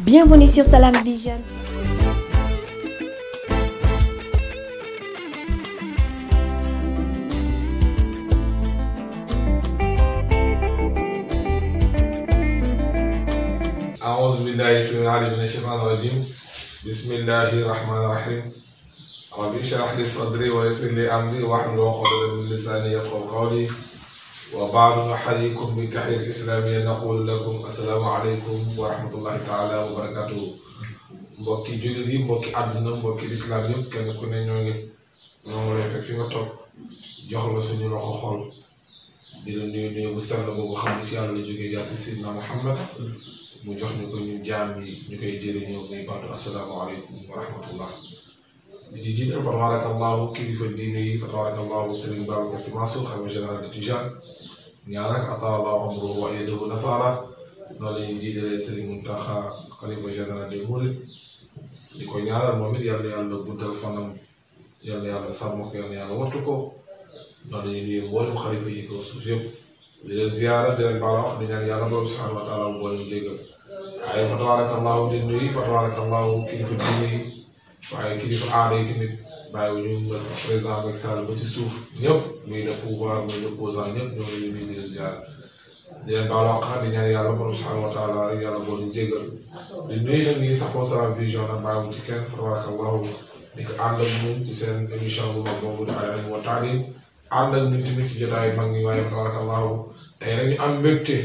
Bienvenue sur Salam Vision. أعوذ بالله السميع العليم من الشيطان الرجيم بسم الله الرحمن الرحيم رب اشرح لي صدري ويسر لي أمري واحلل عقدة من لساني يفقهوا قولي وبعد نحييكم بالتحية الإسلامية نقول لكم السلام عليكم ورحمة الله تعالى وبركاته mbokki jullit yi mbokki àdduna mbokki lislaam yëpp kenn ku ne ñoo ngi ñoo ngi lay fekk fi nga toog jox la suñu loxo xol di la nuyu nuyu bu sell boobu xam ne ci yàlla la jógee yàlla ci sidna Muhammad mu jox ñu ko ñu jaam yi ñu koy jëriñoo muy baatu asalaamaaleykum wa rahmatullah di ci jiital fa tabaraka allahu kilifa diine yi fa tabaraka allahu Sëriñ Babacar Sy Mansour xam général de Tijaan ñaan rek atala allahu amruhu wa aydahu nasara noonu la ñuy jiitalee Serigne Mountakha xalifa général des Mourides di ko ñaaral moom it yàlla yàlla guddal fanam yàlla yàlla sàmm ko yàlla yàlla wattu ko noonu la xalifa yi ko suuf yëpp di leen ziyaara di leen baal wax di ñaan yàlla borom subhanahu wa taala fa tabaraka allahu di nuyu waaye kilifa aada yi bàyyiwuñu ñu président Macky Sall ba ci suuf ñëpp muy le pouvoir muy l'opposant ñëpp ñoo ngi leen di leen ziar di leen a àq di ñaan yàlla borom subhanahu wa taala rek yàlla boo ñu jégal di nuyu nag ñi safoo Salam Vision nag bàyyiwuñ ci kenn farakallahu di ko ànd ak ñun ci seen émission bu a boobu i Al-Hilm wa Taalim ànd ak ñun tamit ci jotaayu mag ñi waaye farakallahu tey nag ñu am mbégte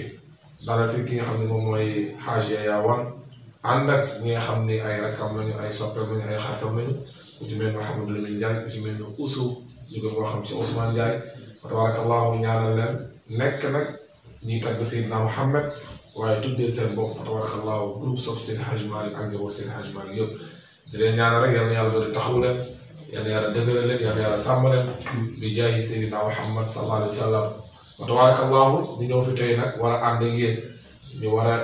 dara fi ki nga xam ne moom mooy Hadj ñi xam ne ay rakam lañu ay soppeem lañu ay xaritam lañu. ku ci mel ne Mouhamadou wa tabarakallahu ñaanal nekk nag ñuy tagg Seydina Mouhamed waaye tuddee seen bopp fa tabarakallahu groupe sopp Hajj Malick ak njaboot Hajj Malick yëpp di rek yal na yàlla doon taxawu leen yal na yàlla dëgëral leen na yàlla sàmm leen bi jaahi Seydina wa sallam bi nga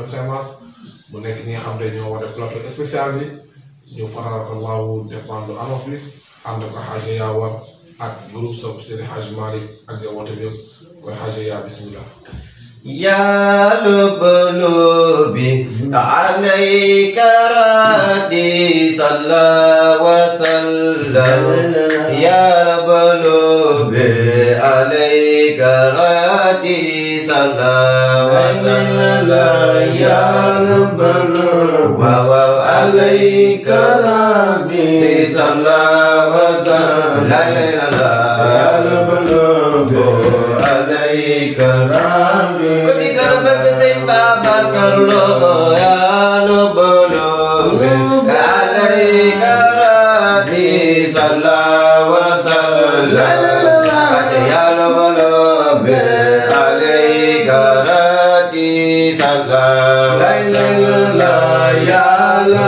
xam ne fa mu nekk ñi xam ne ñoo war a plateau spécial bi ñu fatabarakallahu def bandu annonce ko xaaja yaa ak groupe sopp Seydi Hadj Malick ak njabootam yëpp kon xaaja yaa bismillah يا لبلوبي عليك ردي صلى وسلم يا sala wa sala ya rabbana wa wa alayka rabbi sala wa sala la la la ya rabbana wa alayka rabbi ko fi garba sey Babacar Lo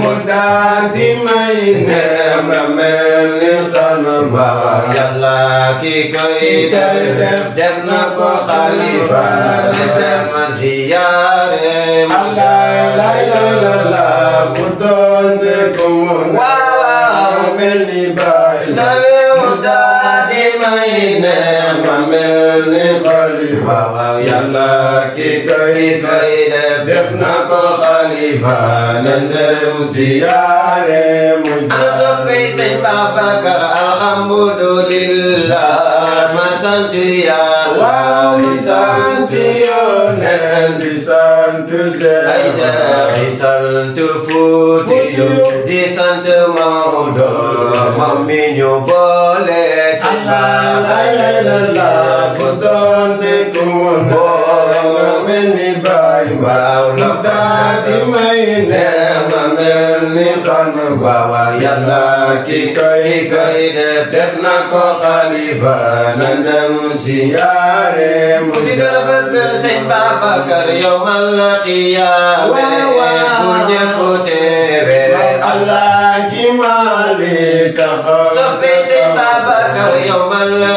mu daal di may neem na mel ni sunu Boroom Yàlla ki koy def def na ko xalifa ne dem ziyaare Allah la ilaha illallah bu doon de mel ni may ne ma mel ni xalifa waaw yàlla ki koy koy def def na ko xalifa na ndew siyaare mu ana soppe sëñ Babacar alhamdulillah ma sant yàlla waaw mi sant yoneen di sant seen ay di sant di sant Maodo moom mi ñu ki koy koy def def na ko xalifa na dem ziyaare mu fi gërëbët sëñ Babacar yow ma la xiyaame bu ñëpp teewee Allah ki maali taxaw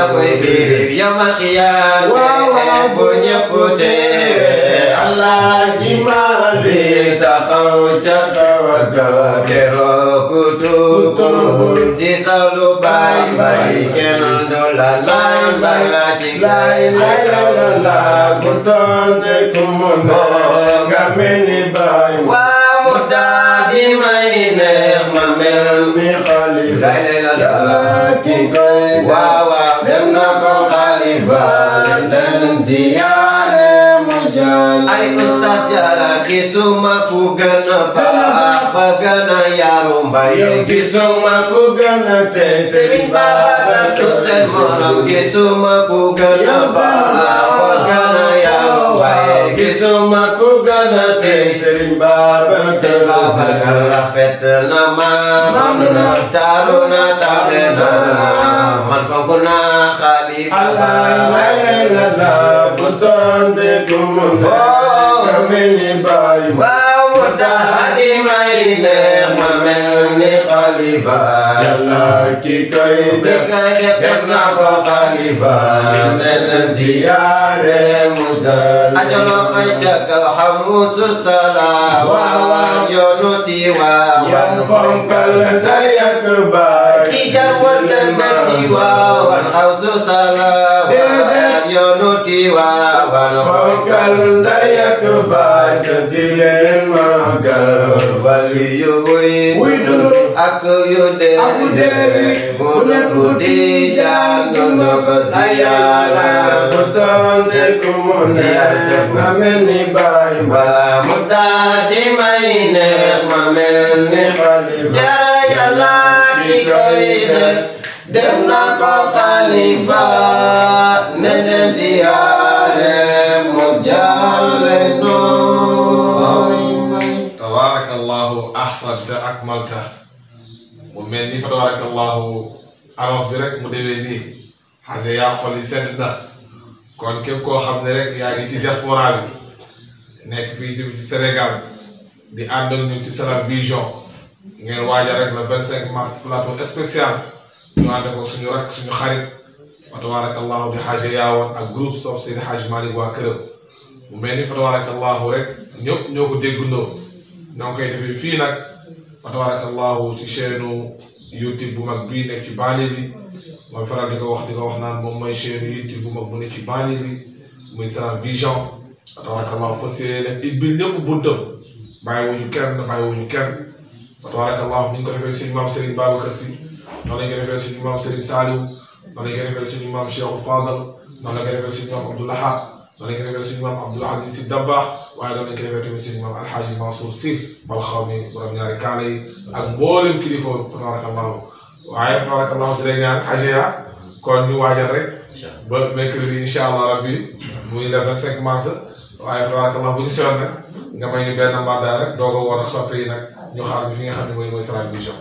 maa koy firi yomal xiyaam waaw waaw bu ñëpp teewee allah ji maa bi taxaw ca tawa tawa keroog ku tuub ci salu bay bay kenn du la lay bay la ci lay lay la la ku tonte ku mu nga mel ni bay waaw mu daa di may neex ma mel ni xalifa lay la la la ki koy waaw na ko xalifa dem ziyaare mu jàll ay ustaz jara gisuma ku gën a baax ba gën a yaru gisuma ku gën a tey sëriñ Bara tu seen gisuma ku gën a baax ba gën a yaru mbay gën a tey sëriñ Bara te Babacar rafet na ma taaru na tabe na man faguna xalifa. alhamdulilah oh, bu tontu tumun. woo nga mel ni baay ma. baabu taa di may neex ma mel ni xalifa. yàlla ki koy def. def na ko xalifa. nen ziyaare mu dal. a jalo ko ca kaw xamusu sala. waaw yoonu tiwa. yan fonkal dayak baay. Tijaan war na mel Tiwaawan Awsu Salaam yoonu Tiwaawan fonkal ndey ak baay te di leen màggal wàllu yu wuy dund ak yu dee bu ne bu Tijaan dund ko ziyaara bu doon de ku mu ne ma mel ni baay mbaa mu daa di may neex ma mel ni xalifa def def na ko xalifa ne dem ziyaare mu jàlle nooy tabarakallahu ahsanta akmalta mu mel ni fa tabarakallahu annonce bi mu demee nii xase yaa xol kon képp koo xam ne yaa ngi ci diaspora bi nekk fii ci Sénégal di ànd ak ñun ci Salam ngeen waajal rek le vingt cinq mars plateau spécial ñu ànd ko suñu rakk suñu xarit fa tabarakallahu di xaaja yaawoon ak groupe sopp Seydi Xaaj Malick waa këram mu mel ni fa tabarakallahu rek ñëpp ñoo ko déggandoo ñoo ngi koy defee fii nag fa tabarakallahu ci chaîne YouTube bu mag bii nekk ci banlieue bi mooy faral di ko wax di ko wax naan moom mooy chaîne YouTube bu mag bu nekk ci banlieue bi muy Salam Vision fa tabarakallahu fas yéene ibbil ñëpp buntam bàyyi wuñu kenn bàyyi wuñu kenn tabarakallahu ni ñu ko defee suñu maam Serigne Babacar Sy noonu la ñu ko defee suñu maam Serigne Saliou noonu la ñu ko defee suñu maam Cheikh Fadal noonu la ñu ko defee suñu maam Abdoul Ahad noonu la ñu ko defee suñu maam Abdoul Aziz Sy Dabakh waaye noonu la ñu ko defee tamit suñu maam Alhaji Mansour Sy bal xaw mi borom ñaari kaala yi ak mboolem kilifa tabarakallahu waaye tabarakallahu di lay ñaan Aja kon ñu waajal rek ba mercredi incha allah rabbi muy le 25 mars waaye tabarakallahu bu ñu soyoon nag nga may ñu benn mandat rek doog a war a soppi nag ñu xaar bi fi nga xam ne mooy mooy Salam Vision.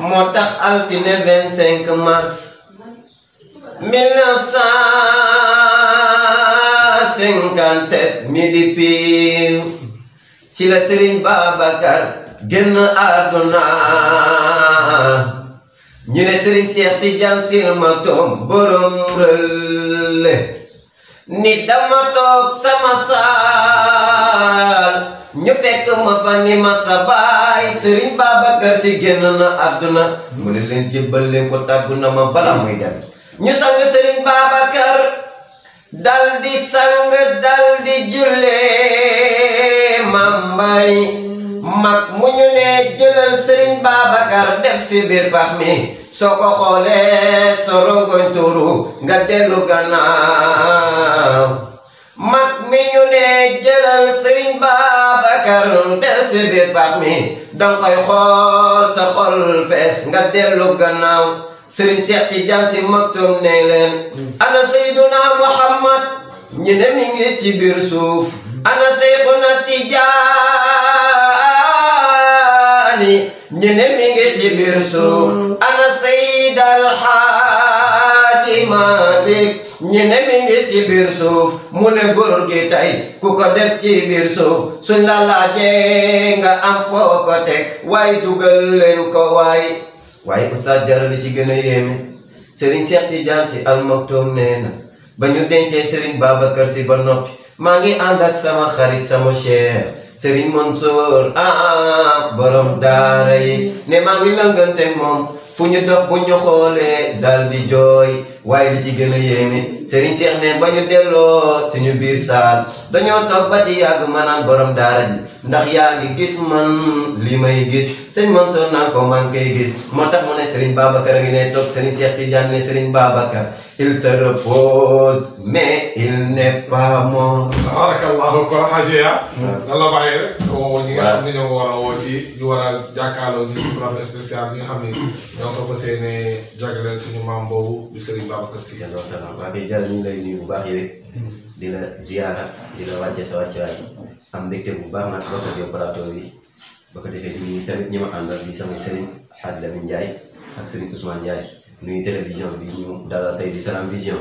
moo tax altine 25 mars 1957 midi pile ci la Serigne Babacar génn àdduna. ñu ne Serigne Cheikh Tidiane Sy Maktoum borom rëlle ni dama toog sama saal ñu fekk ma fa ni ma sa baay Serigne Babacar Sy génn na àdduna mu ne leen jébbal leen ko na ma bala muy dem ñu sang Serigne Babacar dal di sang dal di jullee mag mu ñu ne jëlal Serigne Babacar def si biir baax mi soo ko xoolee soo rongoñ tuuru nga dellu gannaaw mag mi ñu ne jëlal si biir baax mi danga koy xool sa xol fees nga dellu gannaaw sëriñ Seex Tijaan Si Maktum ne leen ana Seyduna Muhammad ñu ne mi ngi ci suuf ana Seexuna Tijaani ñu ne mi ngi ci suuf ana Seydal Xaar Alaaji Maalik ñi ne mi ngi ci biir suuf mu ne góor gi tey ku ko def ci suuf suñ la laajee am foo ko teg waaye dugal leen ko waaye waaye oustaz Diarra li ci gën a yéeme Serigne Cheikh Tidiane Sy Al Maktoum nee na ba ñu dencee Serigne Babacar Sy ba noppi maa ngi ànd ak sama xarit sama cheikh Serigne Mansour ah borom daara yi ne maa ngi lëngante moom fu ñu dox bu ñu xoolee di jooy waaye li ci gën a yéeme Serigne Cheikh ne ba ñu delloo suñu biir saal dañoo toog ba ci yàgg maanaam borom daara ji ndax yaa ngi gis man li may gis sëñ Mansour naa ko man koy gis moo tax mu ne Serigne Babacar ngi ne toog Serigne Cheikh Tidiane ne Serigne Babacar il se repose mais il n'est pas mort. barakallahu ko xajiya ah. nan la bàyyi rek. waaw ñi nga xam a woo ci ñu war a jàkkaarloo ñu ci plateau spécial nga xam ne ñoo ko fas yéenee jagleel suñu maam boobu di Serigne Babacar Sy. waaw kay Jalle ñu bu baax yow di la ziyaara di la wàcce sa wàccuwaay am mbégte bu baax bi ba ko defee ñun tamit ñi ma àndal di sama Serigne Adlamine Ndiaye ak Serigne Ousmane Ndiaye nuyu télévision bi ñu dalal di Salam Vision.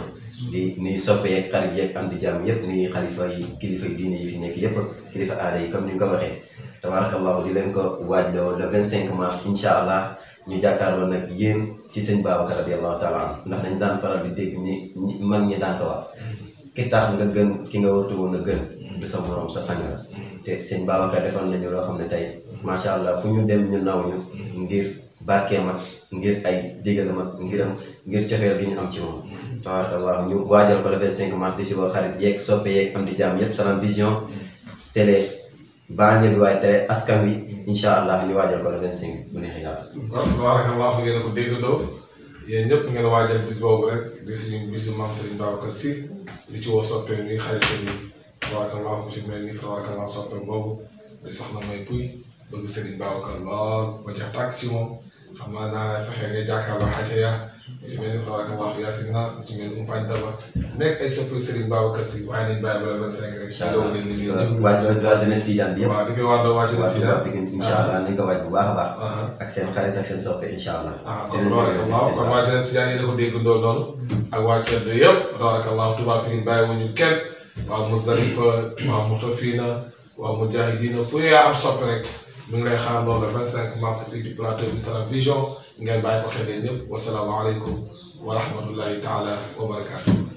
di nuyu soppeek xarit yeeg am di jàmm yëpp nuyu xalifa yi kilifa diine yi fi nekk yëpp kilifa aada yi comme ni nga ko waxee tabarakallahu di leen ko waaj loo le 25 mars incha allah ñu jàkkaarloo nag yéen si sëñ Babacar radiyallahu taala an ndax dañ daan faral di dégg ni mag ñi daan ko wax ki tax nga gën ki nga wartu woon a gën du sa morom sa sang la te sëñ Babacar defoon nañu loo xam ne tey macha allah fu ñu dem ñu naw ñu ngir barkee ma ngir ay déggal ma ngiram ngir cofeel gi ñu am ci moom tabaarakallahu ñu waajal ko defee 5 mars di si boo xarit yeeg soppe yeeg am di jaam yépp Salam Vision télé baal allah ñu ngeen ko déggandoo yéen ñëpp ngeen waajal bis boobu rek di suñu bisu maam Serigne Babacar Sy di ci woo soppeem yi xaritam yi tabaarakallahu ku ci mel ni tabaarakallahu soppeem boobu di soxna May Pouy bëgg Serigne Babacar lool ba ca ci moom. xam naa daa fexe nga jàkkaarloo xaajaya mu ci mel ni Faraaka Mbacke Yacine Naar mu ci mel ni Umpaañ Daba nekk ay soppi Serigne Babacar Sy waaye nañ bàyyi ba le 25 rek. incha allah waa Sénégal Tidiane bi yëpp. waaw di koy waajal waa Sénégal Tidiane incha allah nañ ko waaj bu baax a baax. ak seen xarit ak seen soppe incha allah. Ah, kon tabarakallah kon waa Sénégal Tidiane yi da ko dégg ndool noonu ak waa Thierno yëpp tabarakallah Touba Pikine bàyyi wu ñu kenn waa Muzdalifa waa Mutafina waa Mujahidina fu yaa am sopp rek ñu ngi lay xaar loolu le 25 mars fii ci plateau bi Salam Vision ngeen bàyyi ko xel ñëpp wasalaamaaleykum wa rahmatullahi taala wa barakaatu.